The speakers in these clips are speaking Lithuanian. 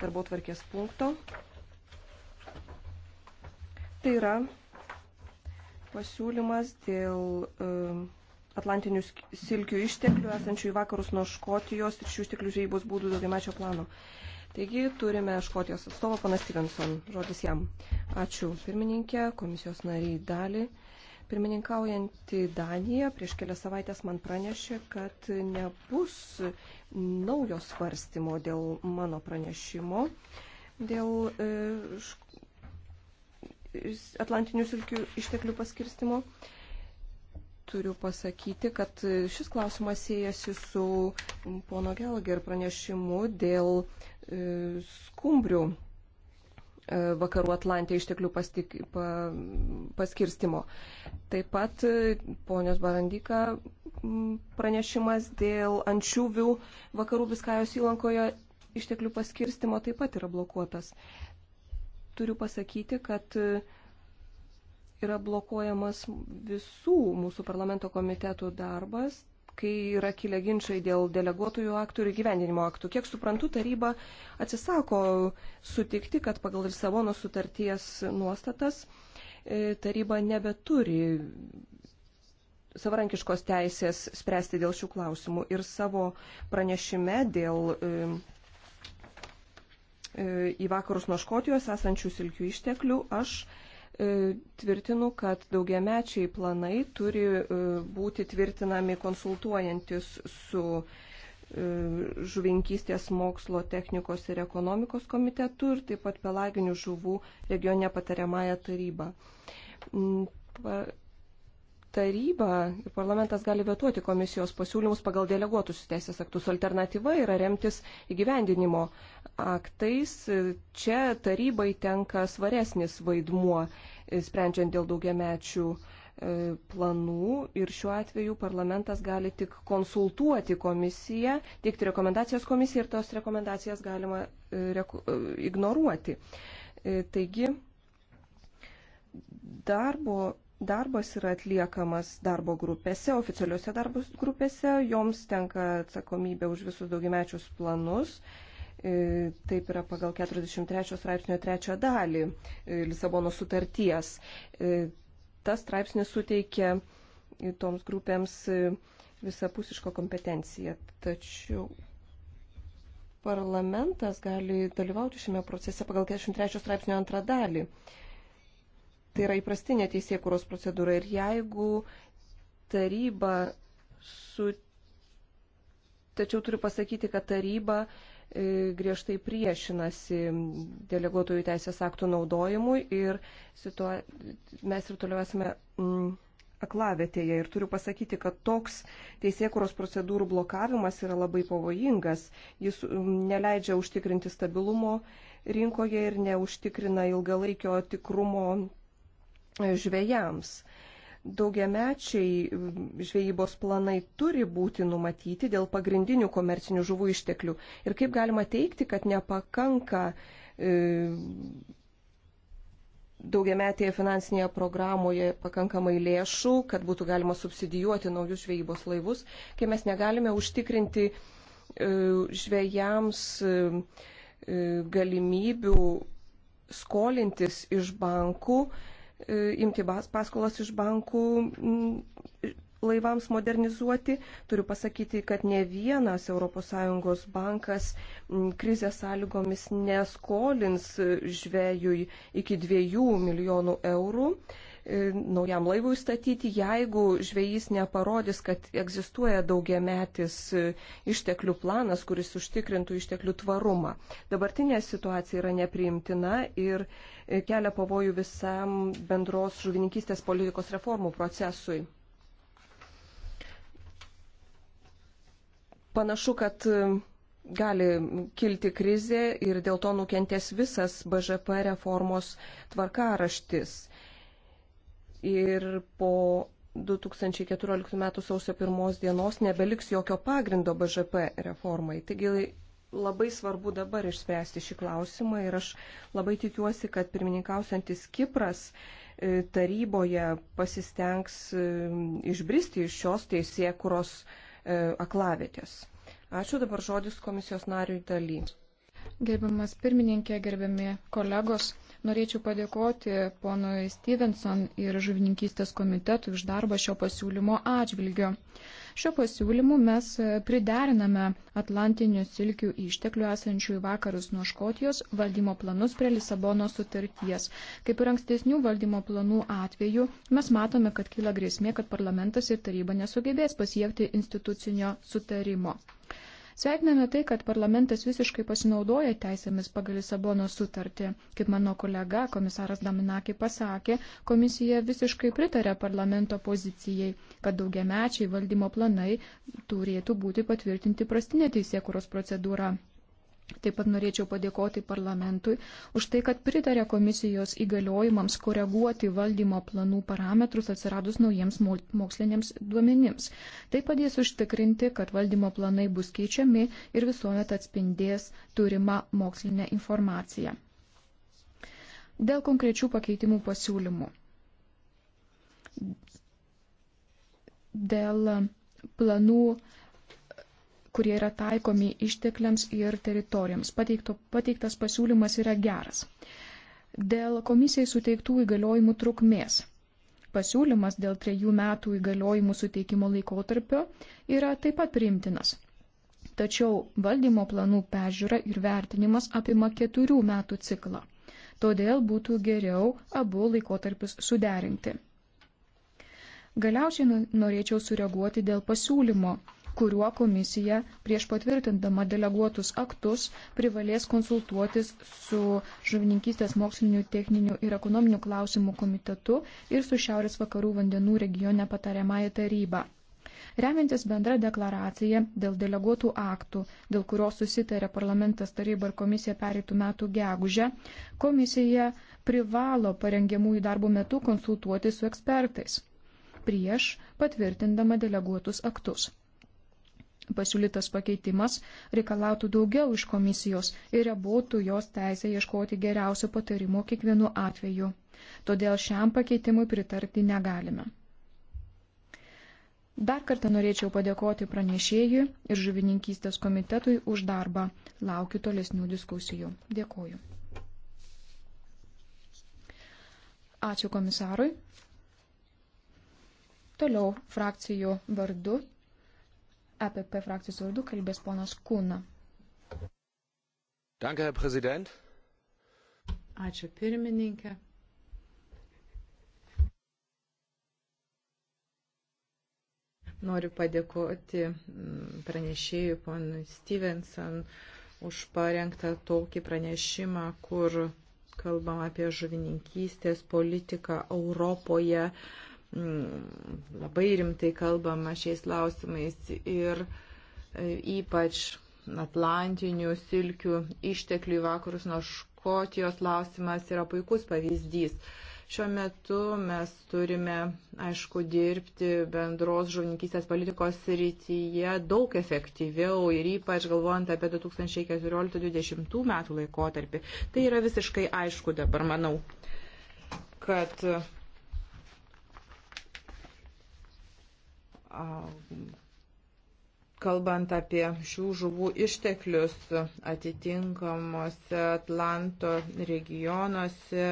darbo tvarkės punkto. Tai yra pasiūlymas dėl um, Atlantinių silkių išteklių esančių į vakarus nuo Škotijos ir šių išteklių žvejybos būdų daugiamečio plano. Taigi turime Škotijos atstovą, panas Stevenson, žodis jam. Ačiū pirmininkė, komisijos nariai dalį. Pirmininkaujantį Daniją prieš kelias savaitės man pranešė, kad nebus naujo svarstymo dėl mano pranešimo, dėl e, Atlantinių silkių išteklių paskirstimo. Turiu pasakyti, kad šis klausimas siejasi su pono Gelger pranešimu dėl e, skumbrių E, vakarų Atlantė išteklių pastik, pa, paskirstimo. Taip pat e, ponios Barandika pranešimas dėl ančiuvių vakarų Viskajos įlankoje išteklių paskirstimo taip pat yra blokuotas. Turiu pasakyti, kad e, yra blokuojamas visų mūsų parlamento komitetų darbas kai yra kilę ginčiai dėl deleguotojų aktų ir gyvendinimo aktų. Kiek suprantu, taryba atsisako sutikti, kad pagal Lisabono sutarties nuostatas e, taryba nebeturi savarankiškos teisės spręsti dėl šių klausimų ir savo pranešime dėl e, e, į vakarus nuo Škotijos esančių silkių išteklių aš E, tvirtinu, kad daugiamečiai planai turi e, būti tvirtinami konsultuojantis su e, žuvinkystės mokslo technikos ir ekonomikos komitetu ir taip pat pelaginių žuvų regione patariamąją tarybą. Mm, taryba ir parlamentas gali vetuoti komisijos pasiūlymus pagal deleguotus teisės aktus. Alternatyva yra remtis įgyvendinimo aktais. Čia tarybai tenka svaresnis vaidmuo, sprendžiant dėl daugiamečių e, planų ir šiuo atveju parlamentas gali tik konsultuoti komisiją, teikti rekomendacijas komisijai ir tos rekomendacijas galima e, reku, e, ignoruoti. Taigi, darbo darbas yra atliekamas darbo grupėse, oficialiuose darbo grupėse, joms tenka atsakomybė už visus daugiamečius planus. E, taip yra pagal 43 straipsnio 3 dalį e, Lisabono sutarties. E, tas straipsnis suteikia toms grupėms visapusišką kompetenciją. Tačiau parlamentas gali dalyvauti šiame procese pagal 43 straipsnio antrą dalį tai yra įprastinė teisėkuros procedūra ir jeigu taryba su. Tačiau turiu pasakyti, kad taryba e, griežtai priešinasi deleguotojų teisės aktų naudojimui ir situa... mes ir toliau esame mm, aklavėtėje. Ir turiu pasakyti, kad toks teisėkuros procedūrų blokavimas yra labai pavojingas. Jis mm, neleidžia užtikrinti stabilumo rinkoje ir neužtikrina ilgalaikio tikrumo žvėjams. Daugiamečiai žvejybos planai turi būti numatyti dėl pagrindinių komercinių žuvų išteklių. Ir kaip galima teikti, kad nepakanka e, daugiametėje finansinėje programoje pakankamai lėšų, kad būtų galima subsidijuoti naujus žvejybos laivus, kai mes negalime užtikrinti e, žvejams e, e, galimybių skolintis iš bankų, e, E, imti paskolas iš bankų laivams modernizuoti. Turiu pasakyti, kad ne vienas ES bankas krizės sąlygomis neskolins žvėjui iki 2 milijonų eurų. E, naujam laivui statyti, jeigu žvėjys neparodys, kad egzistuoja daugiametis e, išteklių planas, kuris užtikrintų išteklių tvarumą. Dabartinė situacija yra nepriimtina ir e, kelia pavojų visam bendros žuvininkystės politikos reformų procesui. Panašu, kad gali kilti krizė ir dėl to nukentės visas BŽP reformos tvarkaraštis ir po 2014 m. sausio 1 dienos nebeliks jokio pagrindo BŽP reformai. Taigi labai svarbu dabar išspręsti šį klausimą ir aš labai tikiuosi, kad pirmininkausiantis Kipras e, taryboje pasistengs e, išbristi iš šios teisėkuros e, aklavėtės. Ačiū dabar žodis komisijos nariui daly. Gerbiamas pirmininkė, gerbiami kolegos. Norėčiau padėkoti ponui Stevenson ir žuvininkystės komitetui už darbą šio pasiūlymo atžvilgiu. Šio pasiūlymu mes prideriname Atlantinių silkių išteklių esančių į vakarus nuo Škotijos valdymo planus prie Lisabono sutarties. Kaip ir ankstesnių valdymo planų atveju, mes matome, kad kyla grėsmė, kad parlamentas ir taryba nesugebės pasiekti institucinio sutarimo. Sveikiname tai, kad parlamentas visiškai pasinaudoja teisėmis pagal Lisabono sutartį. Kaip mano kolega, komisaras Daminakį pasakė, komisija visiškai pritarė parlamento pozicijai, kad daugiamečiai valdymo planai turėtų būti patvirtinti prastinė teisėkuros procedūra. Taip pat norėčiau padėkoti parlamentui už tai, kad pritarė komisijos įgaliojimams koreguoti valdymo planų parametrus atsiradus naujiems moksliniams duomenims. Tai padės užtikrinti, kad valdymo planai bus keičiami ir visuomet atspindės turimą mokslinę informaciją. Dėl konkrečių pakeitimų pasiūlymų. Dėl planų kurie yra taikomi ištekliams ir teritorijoms. Pateikto, pateiktas pasiūlymas yra geras. Dėl komisijai suteiktų įgaliojimų trukmės. Pasiūlymas dėl trejų metų įgaliojimų suteikimo laikotarpio yra taip pat priimtinas. Tačiau valdymo planų peržiūra ir vertinimas apima keturių metų ciklą. Todėl būtų geriau abu laikotarpius suderinti. Galiausiai norėčiau sureaguoti dėl pasiūlymo kuriuo komisija prieš patvirtindama deleguotus aktus privalės konsultuotis su žuvininkystės mokslinių, techninių ir ekonominių klausimų komitetu ir su Šiaurės vakarų vandenų regione patariamąją tarybą. Remiantis bendra deklaracija dėl deleguotų aktų, dėl kurios susitarė parlamentas taryba ir komisija pereitų metų gegužę, komisija privalo parengiamųjų darbų metu konsultuoti su ekspertais prieš patvirtindama deleguotus aktus pasiūlytas pakeitimas reikalautų daugiau iš komisijos ir ribotų jos teisę ieškoti geriausio patarimo kiekvienu atveju. Todėl šiam pakeitimui pritarti negalime. Dar kartą norėčiau padėkoti pranešėjui ir žuvininkystės komitetui už darbą. Laukiu tolesnių diskusijų. Dėkoju. Ačiū komisarui. Toliau frakcijų vardu EPP frakcijos vardu kalbės ponas Kūna. Danke, Herr Präsident. Ačiū pirmininkė. Noriu padėkoti mm, pranešėjui ponui Stevenson už parengtą tokį pranešimą, kur kalbam apie žuvininkystės politiką Europoje Mm, labai rimtai kalbama šiais klausimais ir e, ypač Atlantinių silkių išteklių į vakarus nuo Škotijos klausimas yra puikus pavyzdys. Šiuo metu mes turime, aišku, dirbti bendros žuvininkystės politikos srityje daug efektyviau ir ypač galvojant apie 2014-2020 metų laikotarpį. Tai yra visiškai aišku dabar, manau, kad kalbant apie šių žuvų išteklius atitinkamuose Atlanto regionuose,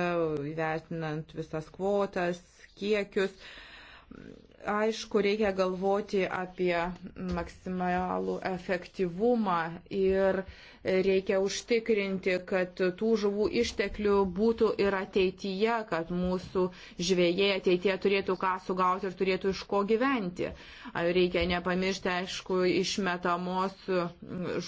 įvertinant visas kvotas, kiekius aišku, reikia galvoti apie maksimalų efektyvumą ir reikia užtikrinti, kad tų žuvų išteklių būtų ir ateityje, kad mūsų žvėjai ateityje turėtų ką sugauti ir turėtų iš ko gyventi. Reikia nepamiršti, aišku, išmetamos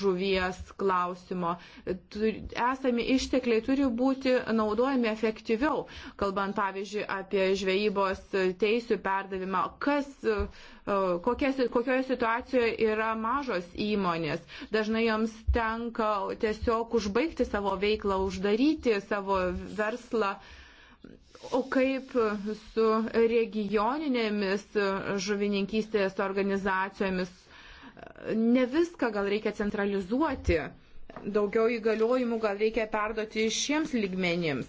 žuvies klausimo. Esami ištekliai turi būti naudojami efektyviau, kalbant pavyzdžiui apie žvejybos teisų perdavimą kas, e, e, kokia, kokioje situacijoje yra mažos įmonės. Dažnai joms tenka tiesiog užbaigti savo veiklą, uždaryti savo verslą. O kaip su regioninėmis žuvininkystės organizacijomis? Ne viską gal reikia centralizuoti, daugiau įgaliojimų gal reikia perduoti šiems lygmenims.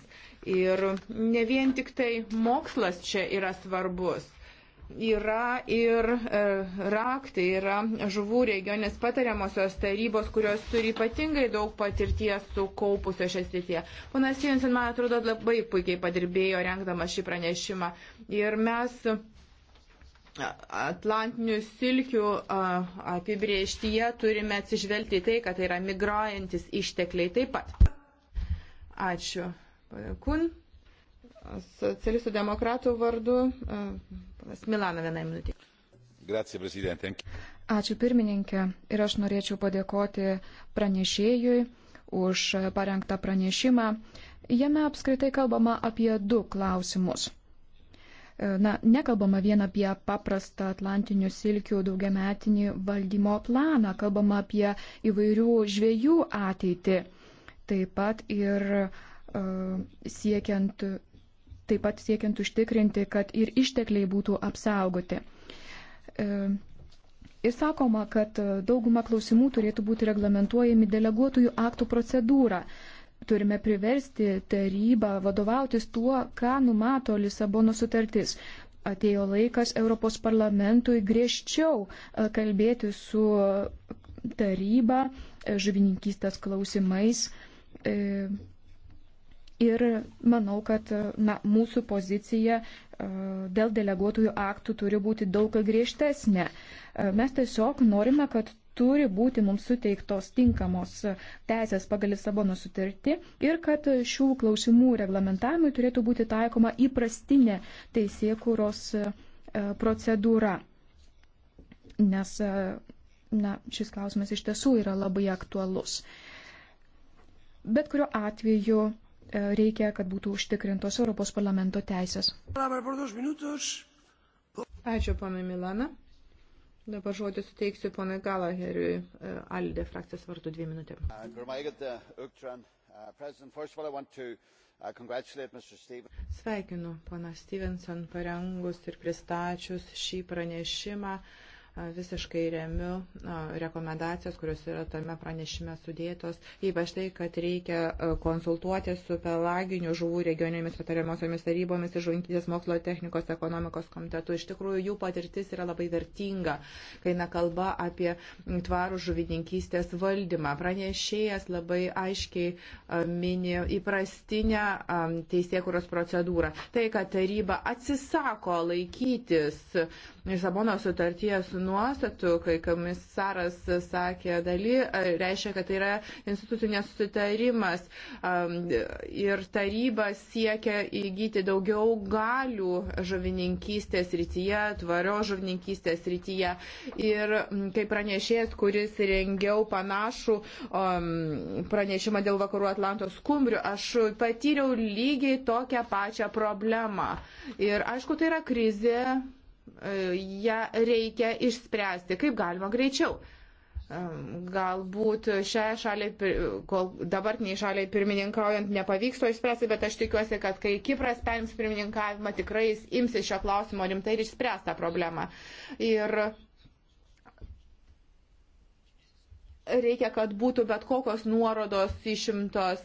Ir ne vien tik tai mokslas čia yra svarbus yra ir e, raktai, yra žuvų regionės patariamosios tarybos, kurios turi ypatingai daug patirties sukaupusio šią srityje. Ponas Jensen, man atrodo, labai puikiai padirbėjo renkdama šį pranešimą. Ir mes Atlantinių silkių apibrieštyje turime atsižvelgti į tai, kad tai yra migruojantis ištekliai taip pat. Ačiū. Kun. Socialistų demokratų vardu Panas Milana vienai minutį. Grazie, prezidentė. Ačiū pirmininkė ir aš norėčiau padėkoti pranešėjui už parengtą pranešimą. Jame apskritai kalbama apie du klausimus. Na, nekalbama vien apie paprastą Atlantinių silkių daugiametinį valdymo planą, kalbama apie įvairių žviejų ateitį. Taip pat ir uh, siekiant taip pat siekiant užtikrinti, kad ir ištekliai būtų apsaugoti. E, ir sakoma, kad dauguma klausimų turėtų būti reglamentuojami deleguotųjų aktų procedūrą. Turime priversti tarybą vadovautis tuo, ką numato Lisabono sutartis. Atėjo laikas Europos parlamentui griežčiau e, kalbėti su taryba e, žuvininkystės klausimais Ir manau, kad na, mūsų pozicija e, dėl deleguotųjų aktų turi būti daug griežtesnė. E, mes tiesiog norime, kad turi būti mums suteiktos tinkamos teisės pagal Lisabono sutartį ir kad šių klausimų reglamentavimui turėtų būti taikoma įprastinė teisėkūros e, procedūra. Nes na, šis klausimas iš tiesų yra labai aktualus. Bet kuriuo atveju reikia, kad būtų užtikrintos Europos parlamento teisės. Ačiū, ponai Milana. Dabar žodį suteiksiu ponai Galaheriui, e, Alde frakcijos vardu dvi minutėm. Sveikinu pana Stevenson parengus ir pristačius šį pranešimą. Uh, visiškai remiu rekomendacijas, kurios yra tame pranešime sudėtos, ypač tai, kad reikia konsultuoti su pelaginių žuvų regioninėmis patariamosiomis tarybomis ir žuvinkytės mokslo technikos ekonomikos komitetu. Iš tikrųjų, jų patirtis yra labai vertinga, kai na kalba apie tvarų žuvininkystės valdymą. Pranešėjas labai aiškiai mini įprastinę teisėkuros procedūrą. Tai, kad taryba atsisako laikytis Lisabono sutarties nuostatų, kai komisaras sakė daly, reiškia, kad tai yra institucijų nesutarimas ir taryba siekia įgyti daugiau galių žuvininkystės rytyje, tvario žuvininkystės rytyje. Ir kaip pranešėjas, kuris rengiau panašų pranešimą dėl vakarų Atlanto skumbrių, aš patyriau lygiai tokią pačią problemą. Ir aišku, tai yra krizė ją reikia išspręsti kaip galima greičiau. Galbūt šiai šaliai, kol dabartiniai šaliai pirmininkaujant nepavyks to išspręsti, bet aš tikiuosi, kad kai Kipras perims pirmininkavimą, tikrai jis imsi šio klausimo rimtai ir išspręs tą problemą. Ir reikia, kad būtų bet kokios nuorodos išimtos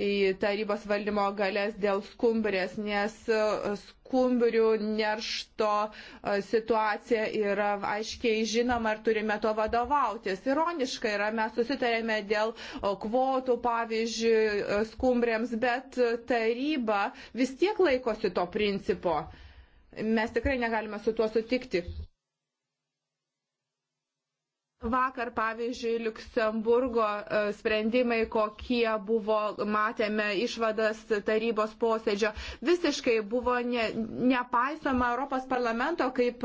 į tarybos valdymo galės dėl skumbrės, nes skumbrių neršto e, situacija yra aiškiai žinoma ir turime to vadovautis. Ironiška yra, mes susitarėme dėl e, kvotų, pavyzdžiui, e, skumbrėms, bet taryba vis tiek laikosi to principo. Mes tikrai negalime su tuo sutikti. Vakar, pavyzdžiui, Luksemburgo e, sprendimai, kokie buvo, matėme išvadas tarybos posėdžio, visiškai buvo ne, nepaisoma Europos parlamento kaip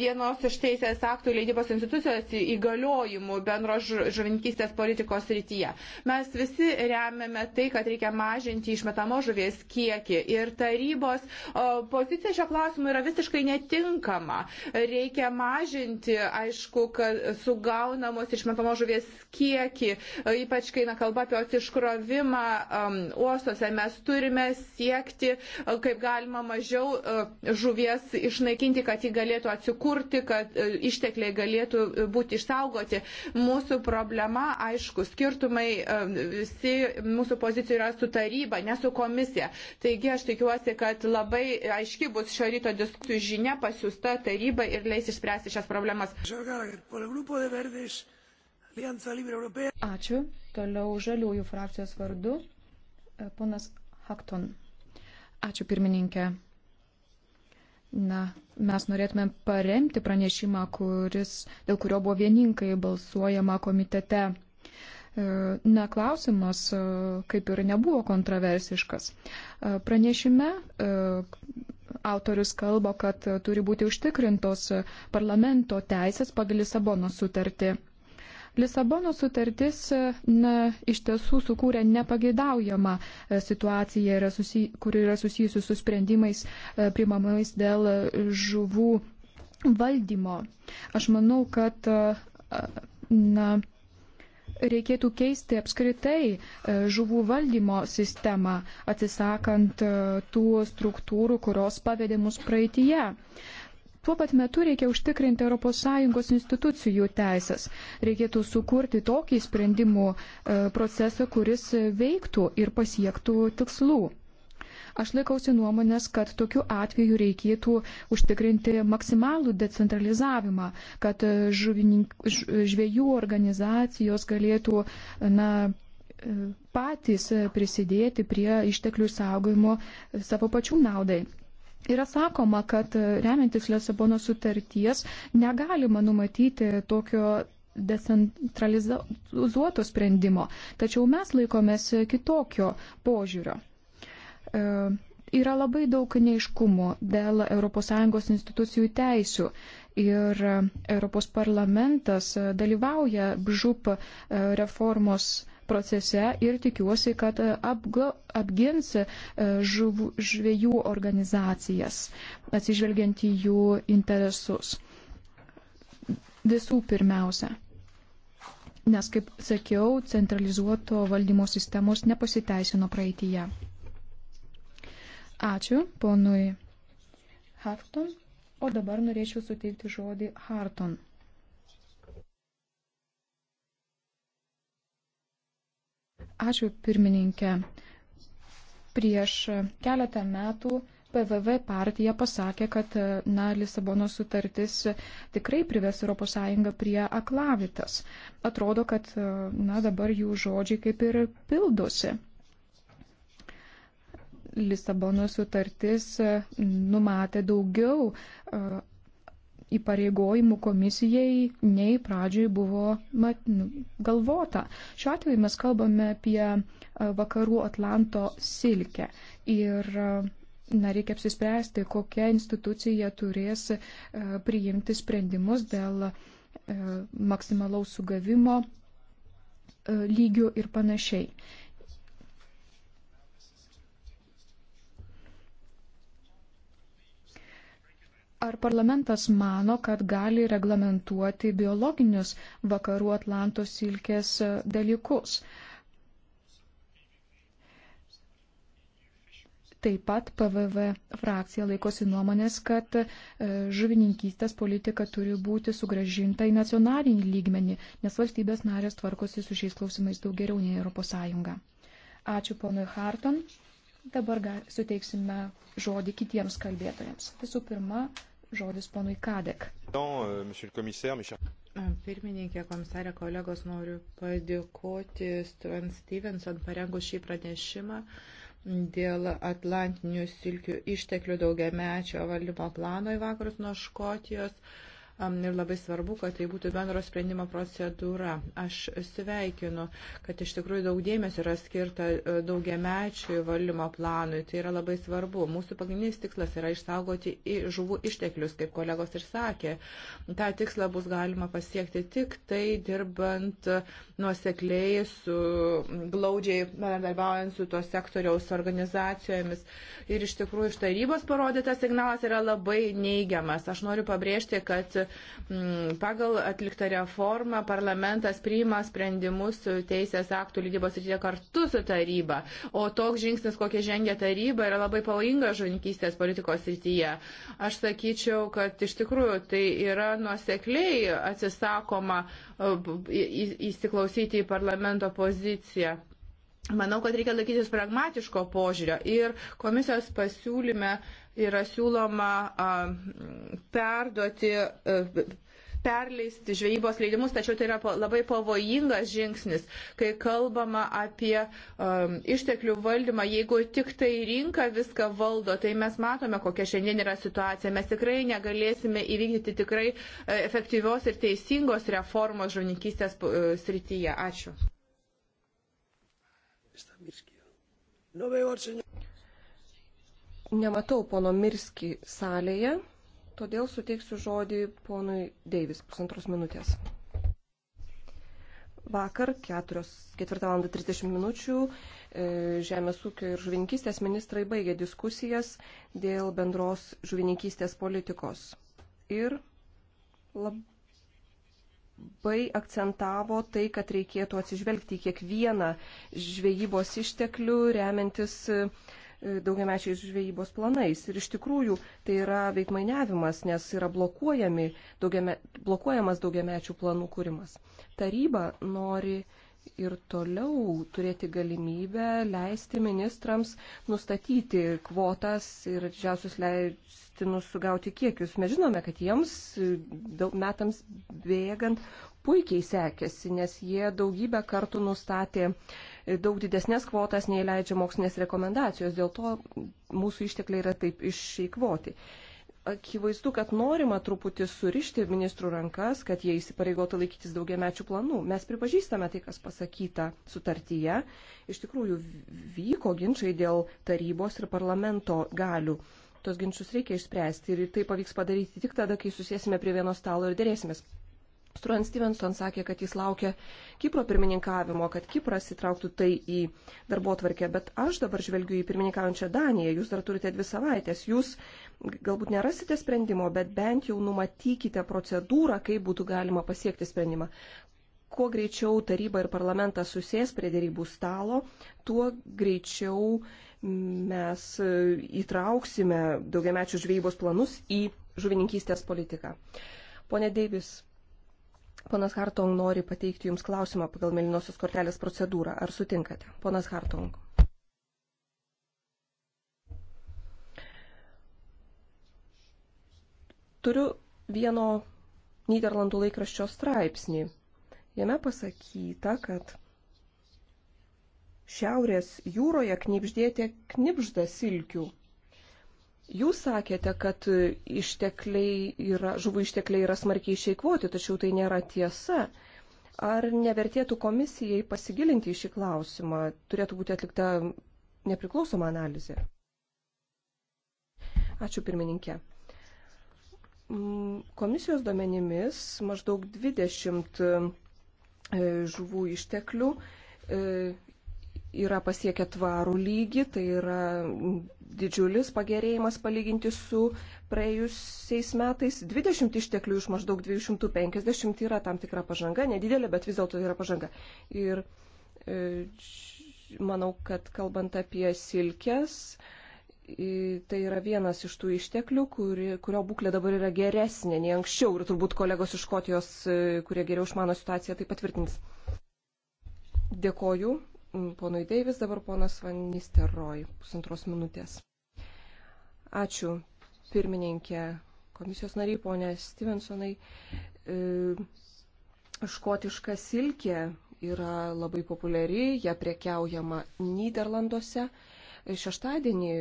vienos iš teisės aktų leidybos institucijos įgaliojimų bendro žuvininkystės politikos rytyje. Mes visi remiame tai, kad reikia mažinti išmetamo žuvies kiekį ir tarybos o, pozicija šio klausimu yra visiškai netinkama. Reikia mažinti, aišku, kad sugalvoti gaunamos išmetamos žuvies kiekį, e, ypač kai na, kalba apie jos iškrovimą um, uostose. Mes turime siekti, e, kaip galima mažiau e, žuvies išnaikinti, kad ji galėtų atsikurti, kad ištekliai galėtų būti išsaugoti. Mūsų problema, aišku, skirtumai visi mūsų pozicijų yra su taryba, ne su komisija. Taigi aš tikiuosi, kad labai aiški bus šio ryto diskusijų žinia pasiūsta taryba ir leis išspręsti šias problemas. Ačiū. Toliau žaliųjų frakcijos vardu e, ponas Hakton. Ačiū pirmininkė. Na, mes norėtume paremti pranešimą, kuris, dėl kurio buvo vieninkai balsuojama komitete. E, na, klausimas e, kaip ir nebuvo kontroversiškas. Pranešime autorius kalba, kad turi būti užtikrintos parlamento teisės pagal Lisabono sutartį. Lisabono sutartis na, iš tiesų sukūrė nepageidaujamą e, situaciją, yra susi, kuri yra susijusi su sprendimais e, primamais dėl žuvų valdymo. Aš manau, kad e, na, reikėtų keisti apskritai e, žuvų valdymo sistemą, atsisakant e, tų struktūrų, kurios pavedė mus praeitie. Tuo pat metu reikia užtikrinti ES institucijų teisės. Reikėtų sukurti tokį sprendimų e, procesą, kuris veiktų ir pasiektų tikslų. Aš laikausi nuomonės, kad tokiu atveju reikėtų užtikrinti maksimalų decentralizavimą, kad žuvininkų žvėjų organizacijos galėtų na, patys prisidėti prie išteklių saugojimo savo pačių naudai. Yra sakoma, kad remiantis Lesabono sutarties negalima numatyti tokio decentralizuoto sprendimo, tačiau mes laikomės kitokio požiūrio. E, yra labai daug neiškumų dėl ES institucijų teisių. Ir Europos parlamentas dalyvauja BŽUP e, reformos procese ir tikiuosi, kad apga, apgins e, žuv, žvėjų organizacijas, atsižvelgiant į jų interesus. Visų pirmiausia. Nes, kaip sakiau, centralizuoto valdymo sistemos nepasiteisino praeitįje. Ačiū ponui Hafton, o dabar norėčiau suteikti žodį Harton. Ačiū pirmininkė. Prieš keletą metų PVV partija pasakė, kad na, Lisabono sutartis tikrai prives ES prie aklavitas. Atrodo, kad na, dabar jų žodžiai kaip ir pildosi. Lisabono sutartis e, numatė daugiau e, įpareigojimų komisijai nei pradžioj buvo mat, nu, galvota. Šiuo atveju mes kalbame apie e, vakarų Atlanto silkę ir na, reikia apsispręsti, kokia institucija turės priimti sprendimus dėl maksimalaus sugavimo lygių ir panašiai. Ar parlamentas mano, kad gali reglamentuoti biologinius vakarų Atlanto silkės e, dalykus? Taip pat PVV frakcija laikosi nuomonės, kad e, žuvininkystės politika turi būti sugražinta į nacionalinį lygmenį, nes valstybės narės tvarkosi su šiais klausimais daug geriau nei ES. Ačiū ponui Harton. Dabar suteiksime žodį kitiems kalbėtojams. Visų pirma, Žodis ponui Kadek. Euh, Pirmininkė, komisarė, kolegos, noriu padėkoti Stuart Stevenson parengus šį pranešimą dėl Atlantinių silkių išteklių daugiamečio valdymo plano į vakarus nuo Škotijos ir labai svarbu, kad tai būtų bendro sprendimo procedūra. Aš sveikinu, kad iš tikrųjų daug dėmesio yra skirta e, daugiamečiui valdymo planui. Tai yra labai svarbu. Mūsų pagrindinis tikslas yra išsaugoti žuvų išteklius, kaip kolegos ir sakė. Ta tiksla bus galima pasiekti tik tai dirbant e, nuosekliai, su, glaudžiai bendarbiaujant su to sektoriaus organizacijomis. Ir iš tikrųjų iš tarybos parodytas signalas yra labai neigiamas. Aš noriu pabrėžti, kad Mm, pagal atliktą reformą parlamentas priima sprendimus teisės aktų lygybos rytyje kartu su taryba. O toks žingsnis, kokį žengia taryba, yra labai pavojingas žuvininkystės politikos rytyje. Aš sakyčiau, kad iš tikrųjų tai yra nuosekliai atsisakoma e, įsiklausyti į parlamento poziciją. Manau, kad reikia laikytis pragmatiško požiūrio ir komisijos pasiūlyme uh, yra siūloma perduoti e, perleisti žvejybos leidimus, tačiau tai yra labai pavojingas žingsnis, kai kalbama apie um, išteklių valdymą. Jeigu tik tai rinka viską valdo, tai mes matome, kokia šiandien yra situacija. Mes tikrai negalėsime įvykdyti tikrai e, efektyvios ir teisingos reformos žuvininkystės uh, srityje. Ačiū nematau pono Mirski salėje, todėl suteiksiu žodį ponui Deivis pusantros minutės. Vakar 4.30 minučių e, Žemės ūkio ir žuvininkystės ministrai baigė diskusijas dėl bendros žuvininkystės politikos. Ir lab, labai akcentavo tai, kad reikėtų atsižvelgti į kiekvieną žvejybos išteklių remiantis daugiamečiais žvejybos planais. Ir iš tikrųjų tai yra veikmainiavimas, nes yra daugiame, blokuojamas daugiamečių planų kūrimas. Taryba nori ir toliau turėti galimybę leisti ministrams nustatyti kvotas ir didžiausius leistinus sugauti kiekius. Mes žinome, kad jiems daug, metams bėgant puikiai sekėsi, nes jie daugybę kartų nustatė uh, daug didesnės kvotas nei leidžia mokslinės rekomendacijos, dėl to mūsų ištekliai yra taip išeikvoti. Akivaizdu, kad norima truputį surišti ministrų rankas, kad jie įsipareigotų laikytis daugiamečių planų. Mes pripažįstame tai, kas pasakyta sutartyje. Iš tikrųjų, vyko ginčiai dėl tarybos ir parlamento galių tos ginčius reikia išspręsti ir tai pavyks padaryti tik tada, kai susėsime prie vieno stalo ir dėrėsimės. Struan Stevenson sakė, kad jis laukia Kipro pirmininkavimo, kad Kipras įtrauktų tai į darbo tvarkę, bet aš dabar žvelgiu į pirmininkaujančią Daniją, jūs dar turite dvi savaitės, jūs galbūt nerasite sprendimo, bet bent jau numatykite procedūrą, kaip būtų galima pasiekti sprendimą. Kuo greičiau taryba ir parlamentas susės prie dėrybų stalo, tuo greičiau mes įtrauksime daugiamečių žvejybos planus į žuvininkystės politiką. Pone Deivis, Ponas Hartong nori pateikti Jums klausimą pagal Melinosios kortelės procedūrą. Ar sutinkate? Ponas Hartong. Turiu vieno Niderlandų laikraščio straipsnį. Jame pasakyta, kad Šiaurės jūroje knipždėte knipžda silkių. Jūs sakėte, kad ištekliai yra, žuvų ištekliai yra smarkiai išeikvoti, tačiau tai nėra tiesa. Ar nevertėtų komisijai pasigilinti į šį klausimą? Turėtų būti atlikta nepriklausoma analizė. Ačiū pirmininkė. Mm, komisijos duomenimis maždaug 20 e, žuvų išteklių e, yra pasiekę tvarų lygį, tai yra didžiulis pagerėjimas palyginti su praėjusiais metais. 20 išteklių iš maždaug 250 yra tam tikra pažanga, nedidelė, bet vis dėlto yra pažanga. Ir e, manau, kad kalbant apie silkės, e, tai yra vienas iš tų išteklių, kuri, kurio būklė dabar yra geresnė nei anksčiau ir turbūt kolegos iš Škotijos, e, kurie geriau išmano situaciją, tai patvirtins. Dėkoju ponui Deivis, dabar ponas Van Nisteroj, pusantros minutės. Ačiū, pirmininkė, komisijos nariai, ponė Stevensonai. E, škotiška silkė yra labai populiari, ją prekiaujama Niderlanduose. Šeštadienį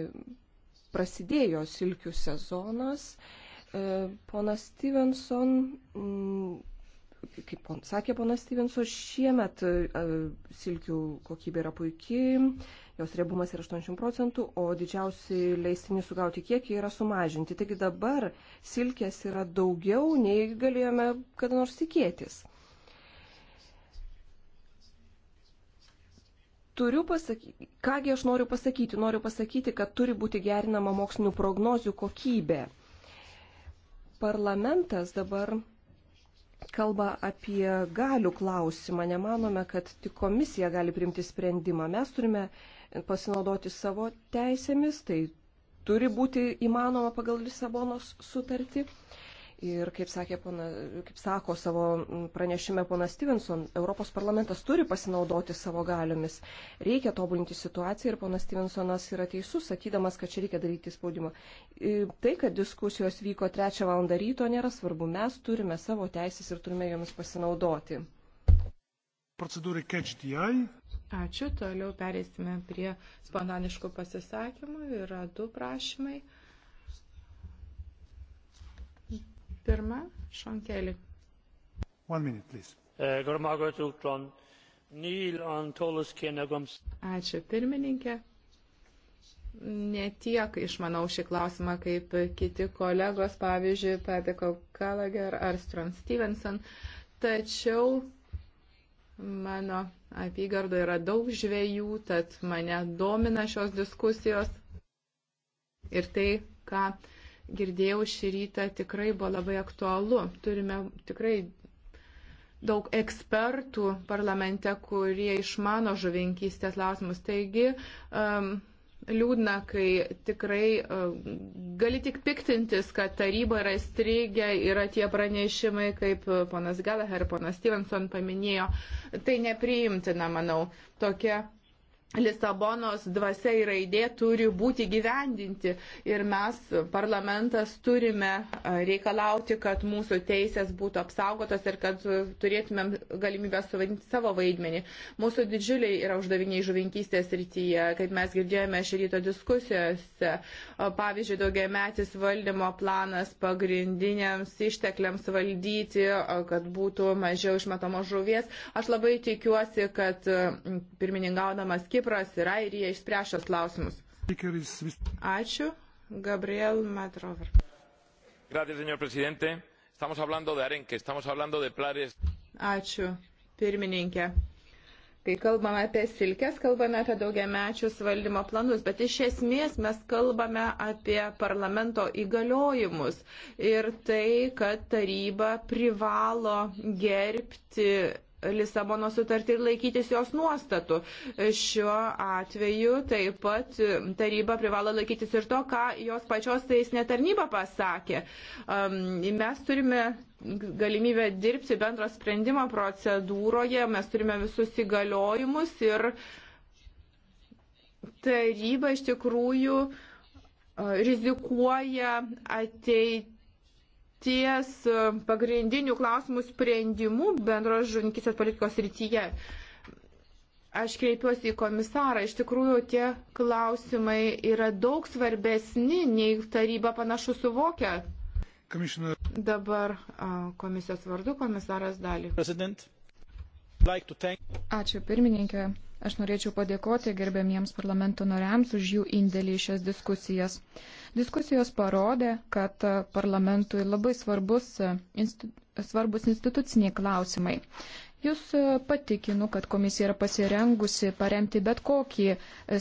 prasidėjo silkių sezonas. E, ponas Stevenson kaip sakė ponas Stevenso, šiemet e, silkių kokybė yra puikiai, jos riebumas yra 80 procentų, o didžiausiai leistini sugauti kiekį yra sumažinti. Taigi dabar silkės yra daugiau, nei galėjome kada nors tikėtis. Turiu pasakyti, kągi aš noriu pasakyti? Noriu pasakyti, kad turi būti gerinama mokslinių prognozių kokybė. Parlamentas dabar kalba apie galių klausimą. Nemanome, kad tik komisija gali primti sprendimą. Mes turime pasinaudoti savo teisėmis, tai turi būti įmanoma pagal Lisabonos sutartį. Ir kaip, sakė, pana, kaip sako savo pranešime ponas Stevenson, Europos parlamentas turi pasinaudoti savo galiomis. Reikia tobulinti situaciją ir ponas Stevensonas yra teisus, sakydamas, kad čia reikia daryti spaudimą. E, tai, kad diskusijos vyko trečią valandą ryto, nėra svarbu. Mes turime savo teisės ir turime jomis pasinaudoti. Procedūrai catch the eye. Ačiū. Toliau perėsime prie spontaniškų pasisakymų. Yra du prašymai. Pirma, Šonkelį. One minute, please. Eh, Ačiū pirmininkė. Netiek išmanau šį klausimą kaip kiti kolegos, pavyzdžiui, Patiko Gallagher ar Strom Stevenson, tačiau mano apygardo yra daug žvėjų, tad mane domina šios diskusijos ir tai, ką uh, girdėjau šį rytą, tikrai buvo labai aktualu. Turime tikrai daug ekspertų parlamente, kurie išmano žuvinkystės klausimus. Taigi, um, liūdna, kai tikrai um, gali tik piktintis, kad taryba yra strigę, yra tie pranešimai, kaip uh, ponas Gallagher, ponas Stevenson paminėjo. Tai nepriimtina, manau, tokia Lisabonos dvasia ir raidė turi būti gyvendinti ir mes, parlamentas, turime reikalauti, kad mūsų teisės būtų apsaugotos ir kad turėtumėm galimybę suvaidinti savo vaidmenį. Mūsų didžiuliai yra uždaviniai žuvinkystės rytyje, kaip mes girdėjome šį ryto diskusijose. Pavyzdžiui, daugiametis valdymo planas pagrindiniams ištekliams valdyti, kad būtų mažiau išmetamos žuvies. Aš labai tikiuosi, kad pirmininkaudamas Kipras, Kipras ir Airija išspręs šios klausimus. Ačiū. Gabriel Matrover. Gracias, señor presidente. Estamos hablando de arenque, estamos hablando de plares. Ačiū, pirmininkė. Kai kalbame apie silkės, kalbame apie daugiamečius valdymo planus, bet iš esmės mes kalbame apie parlamento įgaliojimus ir tai, kad taryba privalo gerbti Lisabono sutartį ir laikytis jos nuostatų. Šiuo atveju taip pat taryba privalo laikytis ir to, ką jos pačios teisinė tarnyba pasakė. Mes turime galimybę dirbti bendro sprendimo procedūroje, mes turime visus įgaliojimus ir taryba iš tikrųjų rizikuoja ateit, ties e, pagrindinių klausimų sprendimu bendros žuvininkistės politikos rytyje. Aš kreipiuosi į komisarą, iš tikrųjų tie klausimai yra daug svarbesni, nei taryba panašu suvokia. Commissioner... Dabar komisijos vardu komisaras Dali. Like thank... Ačiū pirmininkė. Aš norėčiau padėkoti gerbėmiems parlamento noriams už jų indėlį į šias diskusijas. Diskusijos parodė, kad parlamentui labai svarbus, instu, svarbus instituciniai klausimai. Jūs patikinu, kad komisija yra pasirengusi paremti bet kokį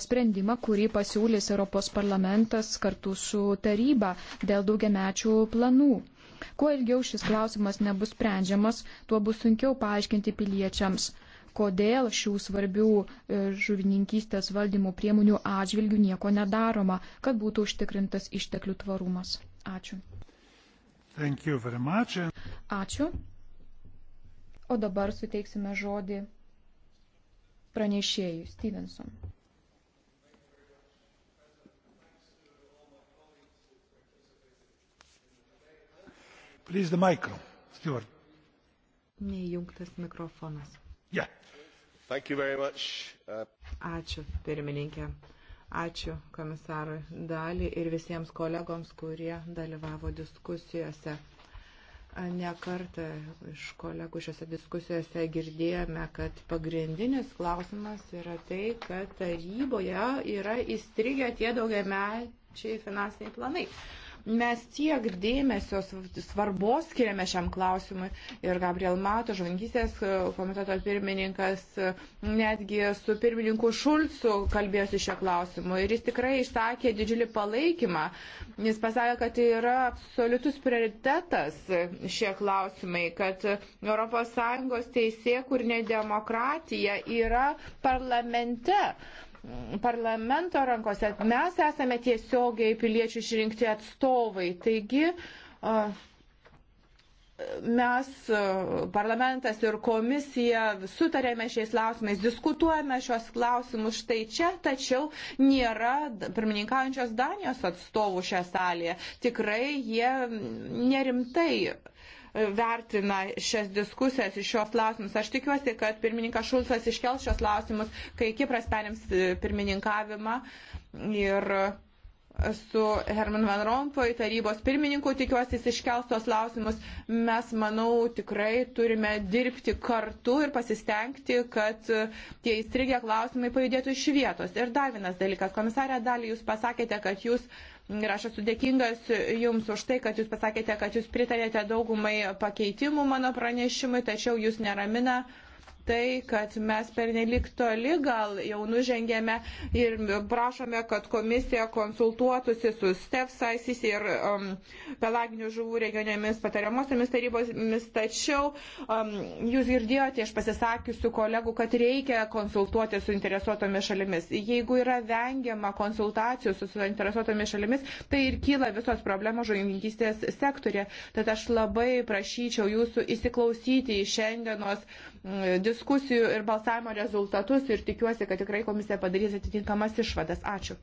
sprendimą, kurį pasiūlys Europos parlamentas kartu su taryba dėl daugiamečių planų. Kuo ilgiau šis klausimas nebus sprendžiamas, tuo bus sunkiau paaiškinti piliečiams, kodėl šių svarbių e, žuvininkystės valdymo priemonių atžvilgių nieko nedaroma, kad būtų užtikrintas išteklių tvarumas. Ačiū. Ačiū. O dabar suteiksime žodį pranešėjui Stevenson. Please the micro, Stuart. Neįjungtas mikrofonas. Yeah. Uh, Ačiū, pirmininkė. Ačiū komisarui Dali ir visiems kolegoms, kurie dalyvavo diskusijose. Nekartą iš kolegų šiose diskusijose girdėjome, kad pagrindinis klausimas yra tai, kad taryboje yra įstrigę tie daugiamečiai finansiniai planai mes tiek dėmesio svarbos skiriame šiam klausimui ir Gabriel Mato, žvankysės e, komiteto pirmininkas, e, netgi su pirmininku Šulcu kalbėjosi šio klausimu ir jis tikrai išsakė didžiulį palaikymą. Jis pasakė, kad tai yra absoliutus prioritetas e, šie klausimai, kad ES teisė, kur nedemokratija, yra parlamente parlamento rankose. Mes esame tiesiogiai piliečių išrinkti atstovai. Taigi mes, parlamentas ir komisija, sutarėme šiais klausimais, diskutuojame šios klausimus štai čia, tačiau nėra pirmininkaujančios Danijos atstovų šią salėje. Tikrai jie nerimtai vertina šias diskusijas ir šios klausimus. Aš tikiuosi, kad pirmininkas Šulcas iškels šios klausimus, kai Kipras perims e, pirmininkavimą. Ir su Herman Van Rompuy tarybos pirmininku, tikiuosi jis iškels tos klausimus. Mes, manau, tikrai turime dirbti kartu ir pasistengti, kad e, tie įstrigę klausimai pajudėtų iš vietos. Ir dar vienas dalykas, komisarė Dalį, jūs pasakėte, kad jūs uh, Ir aš esu dėkingas Jums už tai, kad Jūs pasakėte, kad Jūs pritarėte daugumai pakeitimų mano pranešimui, tačiau Jūs neramina. Uh, tai, kad mes pernelik toli gal jau nužengėme ir prašome, kad komisija konsultuotųsi su STEF, SAISIS ir um, pelaginių žuvų regionėmis patariamosiamis tarybomis. Tačiau um, jūs girdėjote iš pasisakiusių kolegų, kad reikia konsultuoti su interesuotomis šalimis. Jeigu yra vengiama konsultacijų su suinteresuotomis šalimis, tai ir kyla visos problemos žuvininkystės sektorė. Tad aš labai prašyčiau jūsų įsiklausyti į šiandienos diskusiją mm, diskusijų ir balsavimo rezultatus ir tikiuosi, kad tikrai komisija padarys atitinkamas išvadas. Ačiū.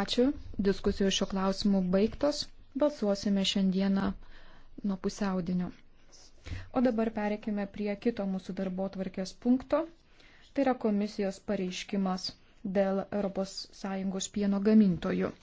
Ačiū. Diskusijos šio klausimu baigtos. Balsuosime šiandieną nuo pusiaudinių. O dabar pereikime prie kito mūsų darbo tvarkės punkto. Tai yra komisijos pareiškimas dėl ES pieno gamintojų.